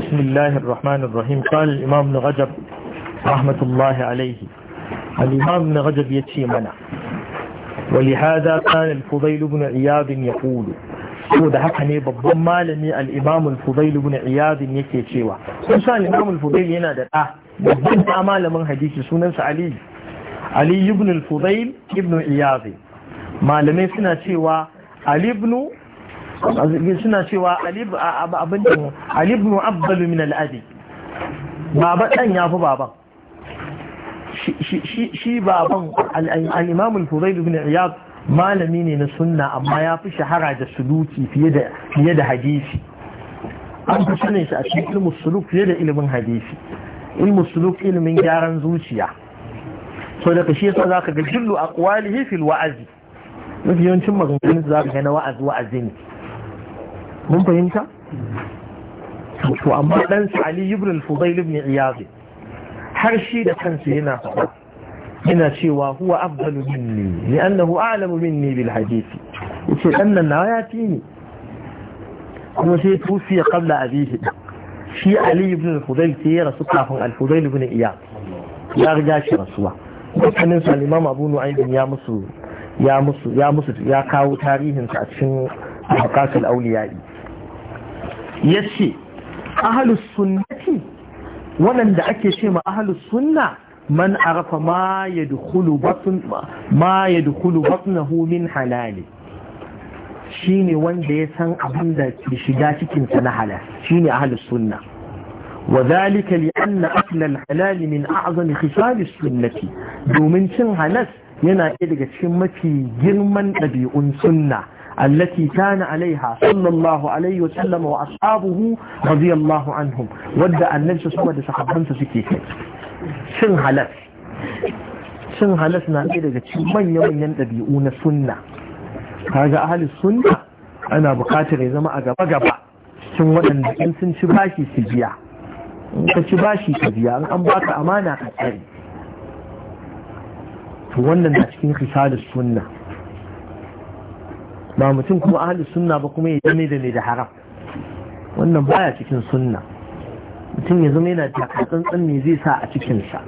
بسم الله الرحمن الرحيم قال الإمام بن غجب رحمة الله عليه الإمام بن غجب يتشيمنا ولهذا كان الفضيل بن عياد يقول ودهقني بالضم مالني الإمام الفضيل بن عياد يتشيوا إنسان الإمام الفضيل ينادى آه مبنت أمال من حديث سننس علي علي بن الفضيل بن عياد مالني سنة شيوا علي بن suna cewa abin da alibnu abbalu min al'adi baba ɗan ya fi baban shi baban al'imamul furai bin iyad malami ne na sunna amma ya fi shahara da suluki fiye da hadisi an fi sanin shi a cikin ilmus suluk fiye da ilimin hadisi ilmus suluk ilimin gyaran zuciya so daga shi yasa zaka ga jillu aqwalihi fil wa'azi mafi yawancin maganganun zaka ga na wa'azi wa'azi ne mun fahimta to amma dan Ali ibn al-Fudayl ibn Iyad har shi da kansa yana faɗa yana cewa huwa afdalu minni li'annahu a'lamu minni bil hadisi yace dan nan na ya fi ni kuma sai tusiya qabla abihi shi Ali ibn al-Fudayl sai ya rasu kafin al-Fudayl ibn Iyad ya riga shi rasuwa dukkanin sa Imam Abu Nu'aym ya musu ya musu ya musu ya kawo tarihin sa a cikin Aqasul Awliya'i ya ce ahalus sunnati waɗanda ake ce ma ahalus sunna man arafa ma ya dukulu na min halali shi ne wanda ya san abin da ke shiga cikinsa na halal shi ne ahalus sunna وذلك لأن أكل الحلال من أعظم خصال السنة Domin شن هلس yana ɗaya daga cikin mafi girman ɗabi'un sunna التي كان عليها صلى الله عليه وسلم وأصحابه رضي الله عنهم ودى أن ننسى سوى دي صحبان سكي سن حلس سن إذا نعيد من يوم ينتبئون سنة هذا أهل السنة أنا بقاتل إذا ما أقبى قبى سن ودن إن سن شباشي سجيع ka ci bashi ka biya an wannan da cikin hisadar sunna ba mutum kuma ahalin sunna ba kuma ya zame da mai da haram wannan baya cikin sunna mutum ya yana da tsantsan mai zai sa a cikinsa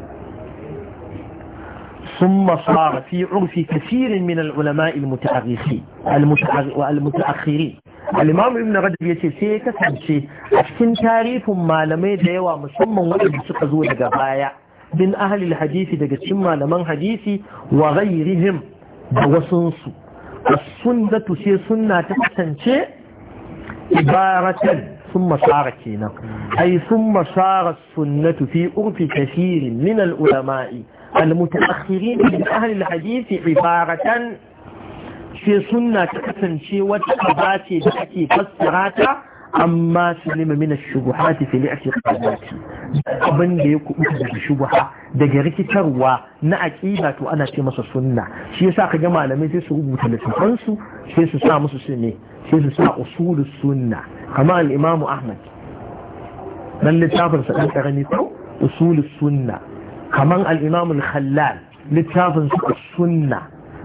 sun masara fi urfi kafirin min al'ulama ilmuta'arisi wa al'mutu'akhiri al'imamu ibn rajab ya ce sai ya kasance a cikin tarifin malamai da yawa musamman waɗanda suka zo daga baya bin ahalil hadisi daga cikin malaman hadisi wa ghairihim da wasunsu as-sunnatu سنه sunna ta kasance ثم صار كينا أي ثم صار السنة في عرف كثير من العلماء المتأخرين من أهل الحديث عبارة في سنة تكسن شيء وتأباتي بأتي فسراتا amma salima min ash-shubuhati fi li'tiqadati abin da ya kubuta daga shubuha daga rikitarwa na aqida to ana ce masa sunna shi yasa ga malamai sai su rubuta littafan su sai su sa musu sunne sai su sa usulus sunna Kamar al-imam Ahmad dan littafin sa dan karami ko usulus sunna Kamar al-imam al-khallal littafin sa sunna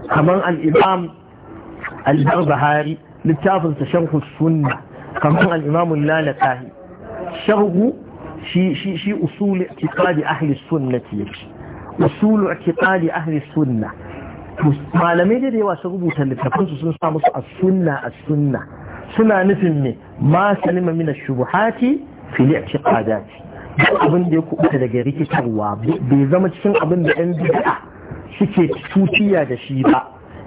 kaman al-imam al-barbahari littafin sa sharh sunna kamar al'imamun lalatahi sharhu shi usulu kitali ahli sunna ke usulu kitali ahli sunna malamai da yawa sun rubuta littafansu sun sa musu a sunna a sunna suna nufin ne ma salima mina shubuhati fili a duk abin da ya kubuta daga rikitarwa bai zama cikin abin da yan bid'a suke tutiya da shi ba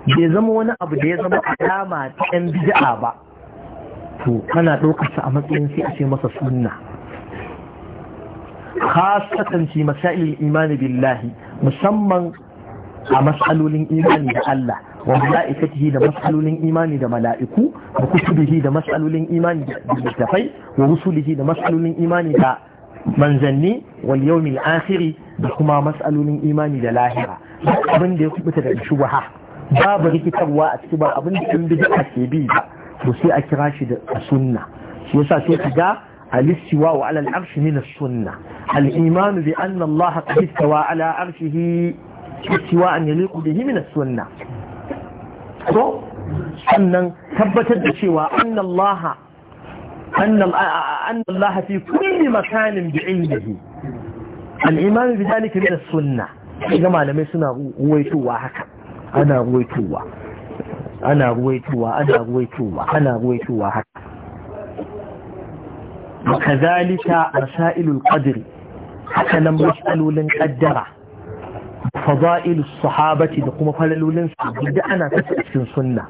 bai zama wani abu da ya zama alama ta yan bid'a ba to kana ɗaukar sa a matsayin sai a ce masa sunna khasatan fi imani billahi musamman a matsalolin imani da Allah wa mala'ikatihi da matsalolin imani da mala'iku wa kutubihi da matsalolin imani da littafai wa rusulihi da matsalolin imani da manzanni wal yawmil akhiri da kuma matsalolin imani da lahira abin da ya kubuta da shubha babu rikitarwa a cikin ba abin da in bid'a ke bi ba to sai a kira shi da sunna shi yasa sai ka ga الاستواء على العرش من السنة الإيمان بأن الله قد استوى an عرشه استواء يليق به من السنة sannan tabbatar da cewa annallaha annallaha fi kulli makanin bi ilmihi al-iman bi dalika min as-sunnah ga malamai suna ruwaitowa haka ana ruwaitowa ana ruwaitowa ana ruwaitowa ana ruwaitowa haka kazalika masailul qadri haka nan mas'alolin qaddara fada'ilus sahabati da kuma falalolin sahabbai da ana kasa cikin sunna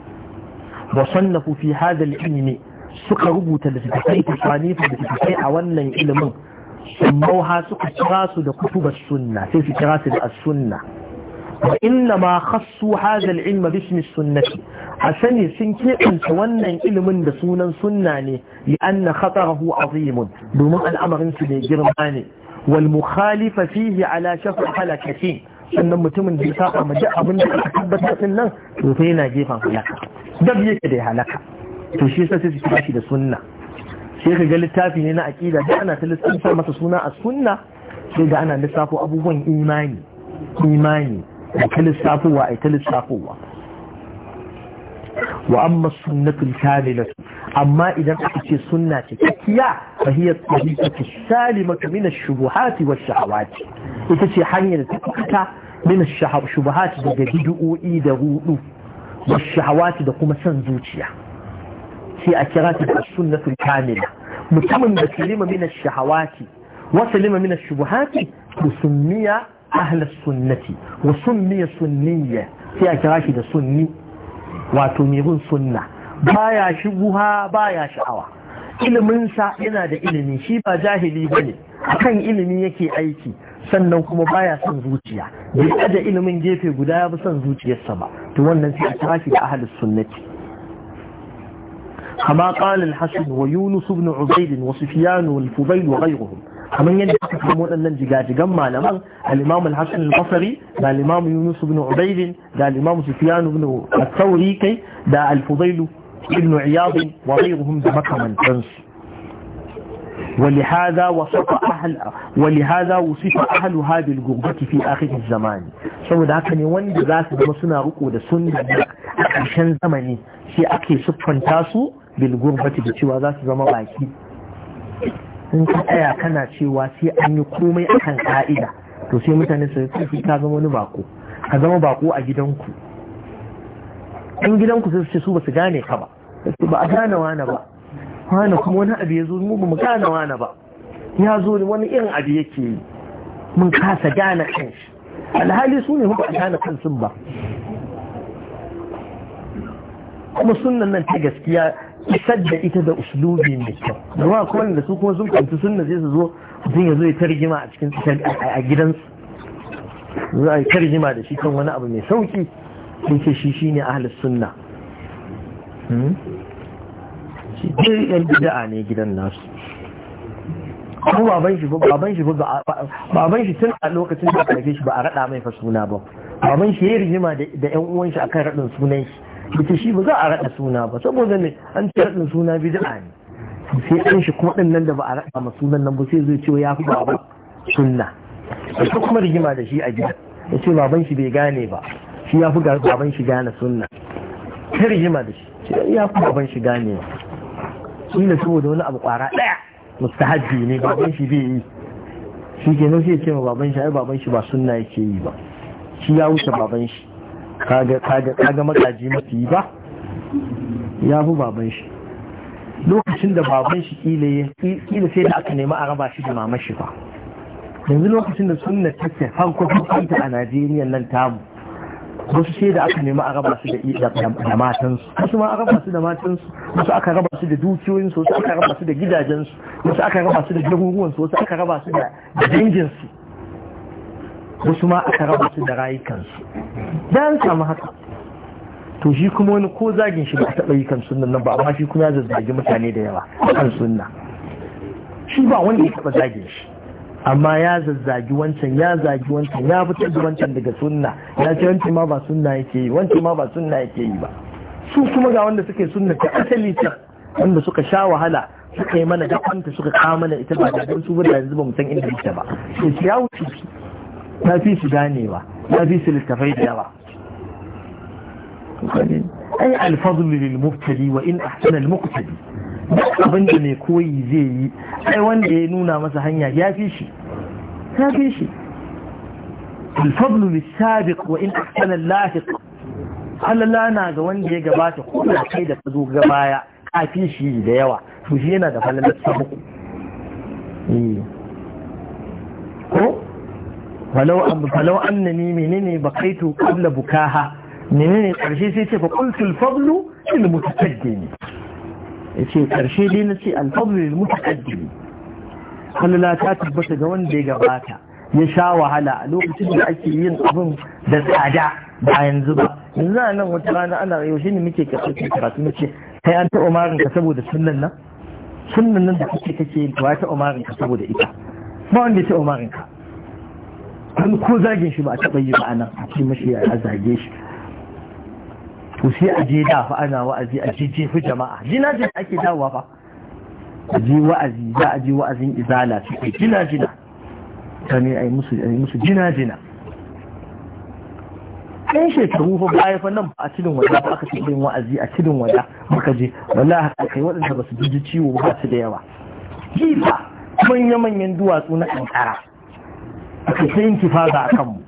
wa sannafu fi hadha al-ilmi suka rubuta littattafai tasanifa da littattafai a wannan ilimin سموها سوق التراس لكتب السنة في التراس السنة وإنما خصوا هذا العلم باسم السنة a sani sun keɓance wannan ilimin da sunan sunna ne li'anna khatarahu azimun domin al'amarin su mai girma ne wal mukhalifa fihi ala shafa halakatin sannan mutumin da ya saba ma duk abin da aka tabbatar din nan to fa yana gefen halaka dab yake da halaka to shi yasa sai su shi da sunna sai ka ga littafi ne na aqida da ana ta lissafa masa suna a sunna sai ga ana lissafo abubuwan imani imani ta lissafowa a lissafowa وأما السنة الكاملة أما إذا أتي سنة تكيا فهي الطريقة السالمة من الشبهات والشهوات إذا إتشي حنيا تكتا من الشبهات بدأ إيدا والشهوات دقوم سنزوتيا في أكرات السنة الكاملة متمن بسلمة من الشهوات وسلم من الشبهات وسمي أهل السنة وسمي سنية في أكرات السنية wato mai sunna baya shubuha baya sha'awa iliminsa yana da ilimi shi ba jahili bane akan ilimi yake aiki sannan kuma baya son zuciya bai aje ilimin gefe guda ya bi son zuciyarsa ba to wannan sai a tashi da ahlus sunnati kama qala al-hasan wa yunus ibn ubayd wa sufyan wal fudail wa kamar yadda aka samu waɗannan jigajigan malaman al-imam al-hasan al-basri da al-imam yunus ibn ubayd da al-imam sufyan ibn al-thawri kai da al-fudayl ibn iyad wa ghayruhum da makamantan su ولهذا وصف أهل ولهذا وصف أهل هذه الغربة في آخر الزمان سو ذاك ne wanda za su zama suna riko da sunna a ƙarshen zamani sai ake siffanta su bil gurbati da cewa za su zama baki sun ka tsaya kana cewa sai an yi komai akan ka'ida to sai mutane su kai ka zama wani bako ka zama bako a gidanku in gidanku sai su ce su ba su gane ka ba ba a gane wani ba wani kuma wani abu ya zo mu ba mu gane wani ba ya zo wani irin abu yake yi mun kasa gane kanshi alhali su ne ba a gane kansu ba kuma sunan nan ta gaskiya isar da ita da uslubi mai kyau ruwa kuma da su kuma sun kanci sunna sai su zo sun yazo ya tarjima a cikin a gidansu za a yi tarjima da shi kan wani abu mai sauki sun ce shi shi ne ahalis sunna hmm? shi dai yan bida'a ne gidan nasu Kuma baban shi baban shi baban shi tun a lokacin da karfe shi ba a rada mai fa suna ba baban shi ya yi rigima da yan uwan shi akan raɗin sunan shi bata shi ba za a raɗa suna ba saboda ne an ce raɗin suna da'a ne sai an shi kuma ɗin nan da ba a raɗa ma sunan nan ba sai zai ce ya fi baban sunna da kuma rigima da shi a gida ya ce baban shi bai gane ba shi ya fi baban shi gane sunna ta rigima da shi ya fi baban shi gane ba ne saboda wani abu kwara ɗaya mustahabbi ne baban shi bai yi shi kenan sai ya ce ma baban shi ai baban shi ba sunna yake yi ba shi ya wuce baban shi kaga kaga kaga makaji mafi ba ya fi baban shi lokacin da baban shi kila sai da aka nemi a raba shi da mama shi ba yanzu lokacin da sun ta ce farko kanta a Najeriya nan tamu wasu sai da aka nemi a raba su da matansu wasu ma a raba su da matansu wasu aka raba su da dukiyoyinsu wasu aka raba su da gidajensu wasu aka raba su da garuruwansu wasu aka raba su da danginsu wasu ma aka raba su da rayukansu dan samu haka to shi kuma wani ko zagin shi ba a taɓa yi kan sunan nan ba amma shi kuma ya zazzagi mutane da yawa kan sunna shi ba wanda ya taɓa zagin shi amma ya zazzagi wancan ya zagi wancan ya fitar da wancan daga sunna ya ce wancan ma ba sunna yake yi wancan ma ba sunna yake yi ba su kuma ga wanda suke sunna ta asali ta wanda suka sha wahala suka yi mana dafanta suka kama mana ita ba da su ba da yanzu ba mu san inda ita ba sai ya wuce ta fi su ganewa ta fi su littafai da yawa ai alfazul lil mubtadi wa in ahsana al muqtadi duk abin da mai koyi zai yi ai wanda ya nuna masa hanya ya fi shi ya fi shi alfazul lil sabiq wa in ahsana al lahiq Allah na ga wanda ya gabata ko da kai da ka zo ga baya ka fi shi da yawa to shi yana da falalar sabuku eh. ko falau abu falau annani menene bakaitu kabla bukaha menene karshe sai ce fa qultu al-fadlu lil mutaqaddim yace karshe dai nace al-fadlu lil mutaqaddim la ta tabbata ga wanda ya gabata ya sha wahala a lokacin da ake yin abin da tsada ba yanzu ba yanzu a nan wata rana ana yaushe ne muke karatu karatu muke kai an taɓa umarin ka saboda sunan nan sunan nan da kake kake yin ta taɓa umarin ka saboda ita ba wanda ya taɓa umarin ka kun ko zagin shi ba a taɓa yi ba anan a ce mashi a zage shi to sai a je da fa ana wa'azi a je jefi jama'a jina jina ake dawowa fa a je wa'azi za a je wa'azin izala su kai jina jina ta ne a yi musu jina jina ɗan shekaru fa baya fa nan a cikin wada ba aka cikin wa'azi a cikin wada muka je wallahi a kai waɗanda ba su ji ciwo ba su da yawa kifa manya-manyan duwatsu na kankara aka ta intifada a kanmu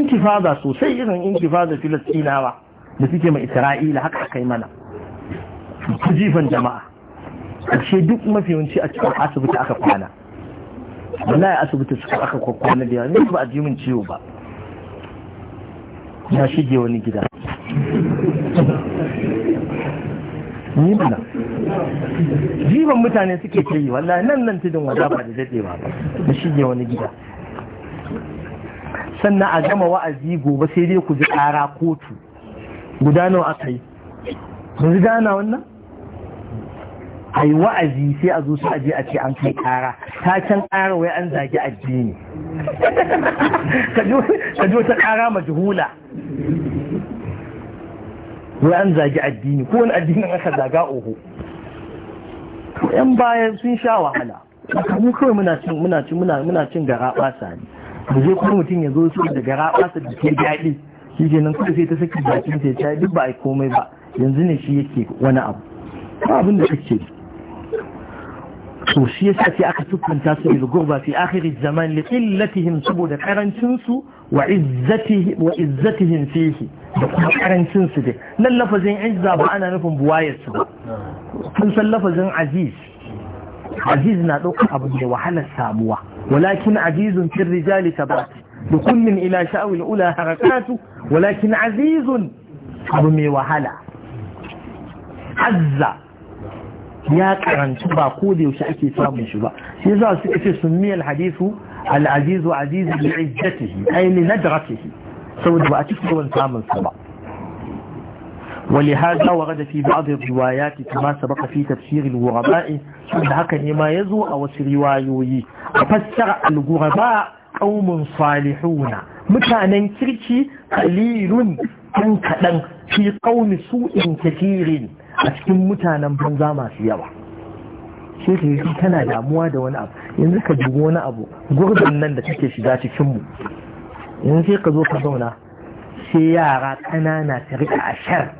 intifada sosai irin intifada filistinawa da suke mai isra'ila haka kai mana su jifan jama'a ƙarshe duk mafi yawanci a cikin asibiti aka kwana wallahi asibiti suka aka kwana da yawa ba a ji min ciwo ba na shige wani gida ni mana jiban mutane suke ta yi wallahi nan nan tudun wata ba da dadewa ba da shige wani gida sannan a gama wa'azi gobe sai dai ku ji kara kotu guda nawa aka yi ji gana wannan a yi wa'azi sai a zo su aje a ce an kai kara ta can kara wai an zagi addini ka ji wata kara majhula wai an zagi addini ko wani addinin aka zaga oho yan baya sun sha wahala mu kawai muna cin muna cin muna muna cin gara basa ne da zai kuma mutum ya zo su da gara basa da ke daɗi shi ke nan kawai sai ta saki bakin sai ta duk ba a komai ba yanzu ne shi yake wani abu ba abin da kake to shi yasa sai aka tukunta su da gurba fi akhir zaman li qillatihim saboda karancin su wa izzatihim wa izzatihim fihi da kuma karancin su dai nan lafazin izza ba ana nufin buwayar su ba kun san lafazin aziz aziz na ɗaukar abu da wahalar samuwa walakin azizun fil rijali tabati da kullun ila sha'awil ula harakatu walakin azizun abu mai wahala azza ya karanci ba ko da yaushe ake samun shi ba shi yasa suka ce sunniyal hadithu al azizu azizu bi izzatihi ay li nadratihi saboda ba a cikin gaban samun sa ba wani haza wa gada fi ba'adar riwaya ta fi masa baka fi tafsirin gurabai wanda haka ne ma ya zo a wasu riwayoyi a fassara algurba ƙaumin salihuna mutanen kirki kalilun ɗan kaɗan fi ƙauni su in kafirin a cikin mutanen banza masu yawa sai ta tana damuwa da wani abu yanzu ka dubi wani abu gurbin nan da take shiga cikinmu yanzu sai ka zo ka zauna sai yara ƙanana ta rika shar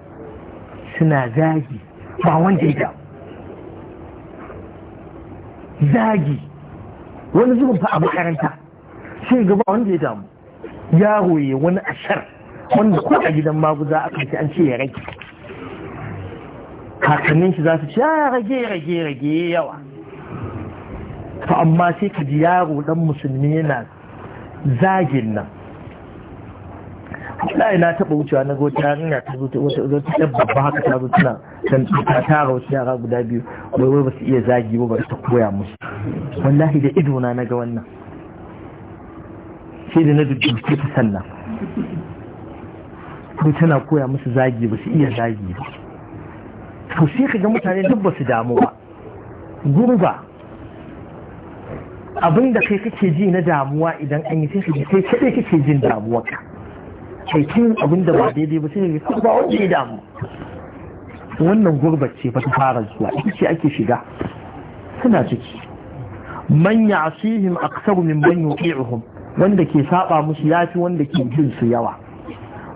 suna zagi ba wanda ya zagi wani zubin fa a makaranta sai ga ba wanda ya damu yaro ya wani shar wanda ko a gidan maguza a ce an ce ya rage kakannin shi za su ce ya ah, rage rage rage yawa to amma sai ka ji yaro dan musulmi yana zagin nan wallahi na taba wucewa na gota yarinya ta zo ta zo ta babba haka ta zo tana san ta tara wasu yara guda biyu wai wai ba su iya zagi ba ba ta koya musu wallahi da ido na naga wannan sai da na dudduke ta sanna. ko tana koya musu zagi ba su iya zagi ba to sai ka ga mutane duk ba su damu ba gurba abinda kai kake ji na damuwa idan an yi sai ka kake jin damuwa ka cikin abin da ba daidai ba sai ne ba wanda ya damu wannan ce ba ta fara zuwa ita ce ake shiga suna ciki Manya ya'sihim aktsaru min man yuqi'uhum wanda ke saba musu yafi wanda ke bin su yawa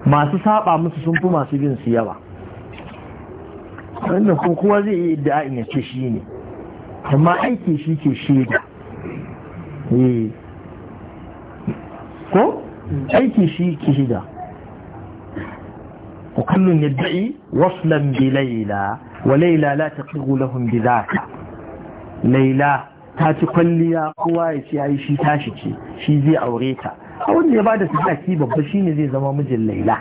masu saba musu sun fi masu bin su yawa wannan kuma kowa zai yi idda'in ya ce shi ne amma aiki shi ke shaida eh. ko aiki shi ke shaida وكل يدعي وصلا بليلى وليلى لا تقر لهم بذاك ليلى تاتي kwalliya kowa ya ce ai shi tashi ce shi zai aure ta a wanda ya bada sadaki babba shine zai zama mijin laila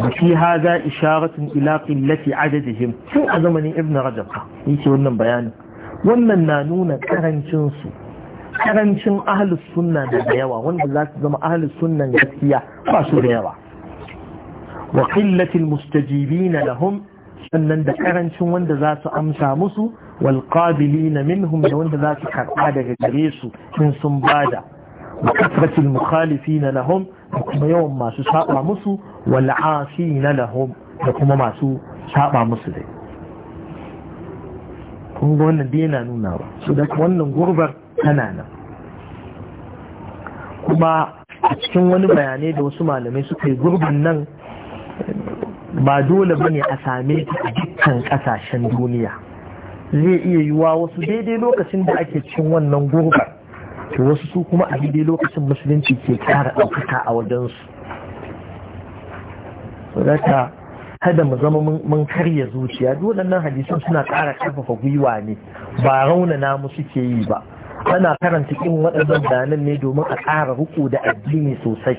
وفي هذا إشارة إلى قلة عددهم شو أزمني ابن رجب يجي ونن بيان ونن نانون كرنشنسو karancin ahalus sunna da yawa wanda za su zama ahalus sunnan gaskiya ba su da yawa wa qillatil na lahum sannan da karancin wanda za su amsa musu wal na minhum da wanda za su karba daga gare su in sun bada wa kasratil na lahum da kuma yawan masu saba musu wal asina lahum da kuma masu saba musu dai kun ga wannan dai yana nuna ba su da wannan gurbar tana nan kuma a cikin wani bayanai da wasu malamai suka yi gurbin nan ba dole ba ne a same ta a dukkan kasashen duniya zai iya yi wa wasu daidai lokacin da ake cikin wannan gurbin, to wasu su kuma a daidai lokacin musulunci ke kara ɗaukaka a wajensu zaka kada mu zama mun karya zuciya Dole nan hadisan suna ƙara ƙarfafa gwiwa ne ba raunana mu suke yi ba ana karanta irin waɗannan bayanan ne domin a ƙara riko da addini sosai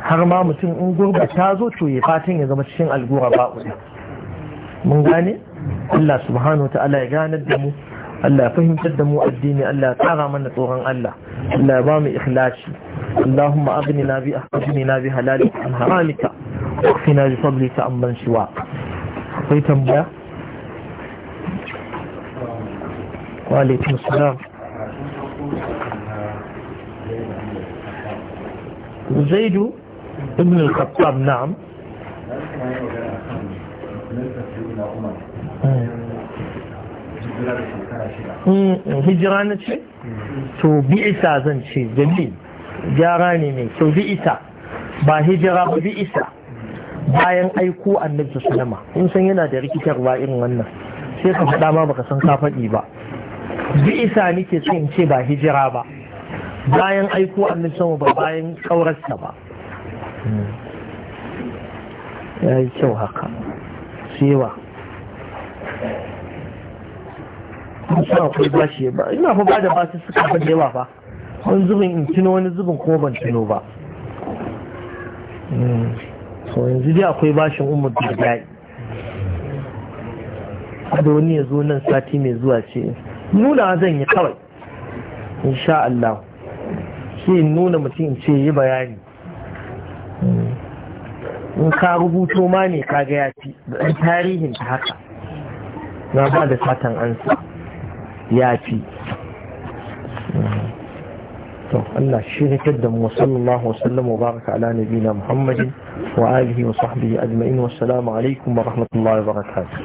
har ma mutum in gurba ta zo to ya fatan ya zama cikin algura ba mun gane Allah subhanahu ta'ala ya ganar da mu Allah ya fahimtar da mu addini Allah ya tsara mana tsoron Allah Allah ya ba mu ikhlashi اللهم أغننا بأغننا بحلالك عن حرامك واكفنا بفضلك عمن سواك akwai tambaya وعليكم السلام زيد ابن الخطاب نعم hijira na ce? to bi'isa zan جميل جاراني gyara ne mai to bi'isa ba hijira bayan aiko annabi sallama in san yana da rikitarwa irin wannan sai ka faɗa ma baka san ka faɗi ba bi'isa nike ce in ce ba hijira ba bayan aiko annin sama ba bayan kaurasta ba hmm. ya yi kyau haka sewa musa akwai bashi ba ina fa ba da su suka ban yawa ba wani zubin in tuno wani zubin kuma ban tuno ba so hmm. yanzu dai akwai bashin umar da yayi da wani ya zo nan sati mai zuwa ce nuna zan yi kawai insha Allah shi nuna mutum ce yi bayani in ka rubuto ma ne ka ga ya fi da tarihin ta haka na ba da satan ansa ya fi to da mu sallallahu wasallam wa baraka ala nabiyina Muhammadin wa alihi wa sahbihi ajma'in wa assalamu alaikum wa rahmatullahi wa barakatuh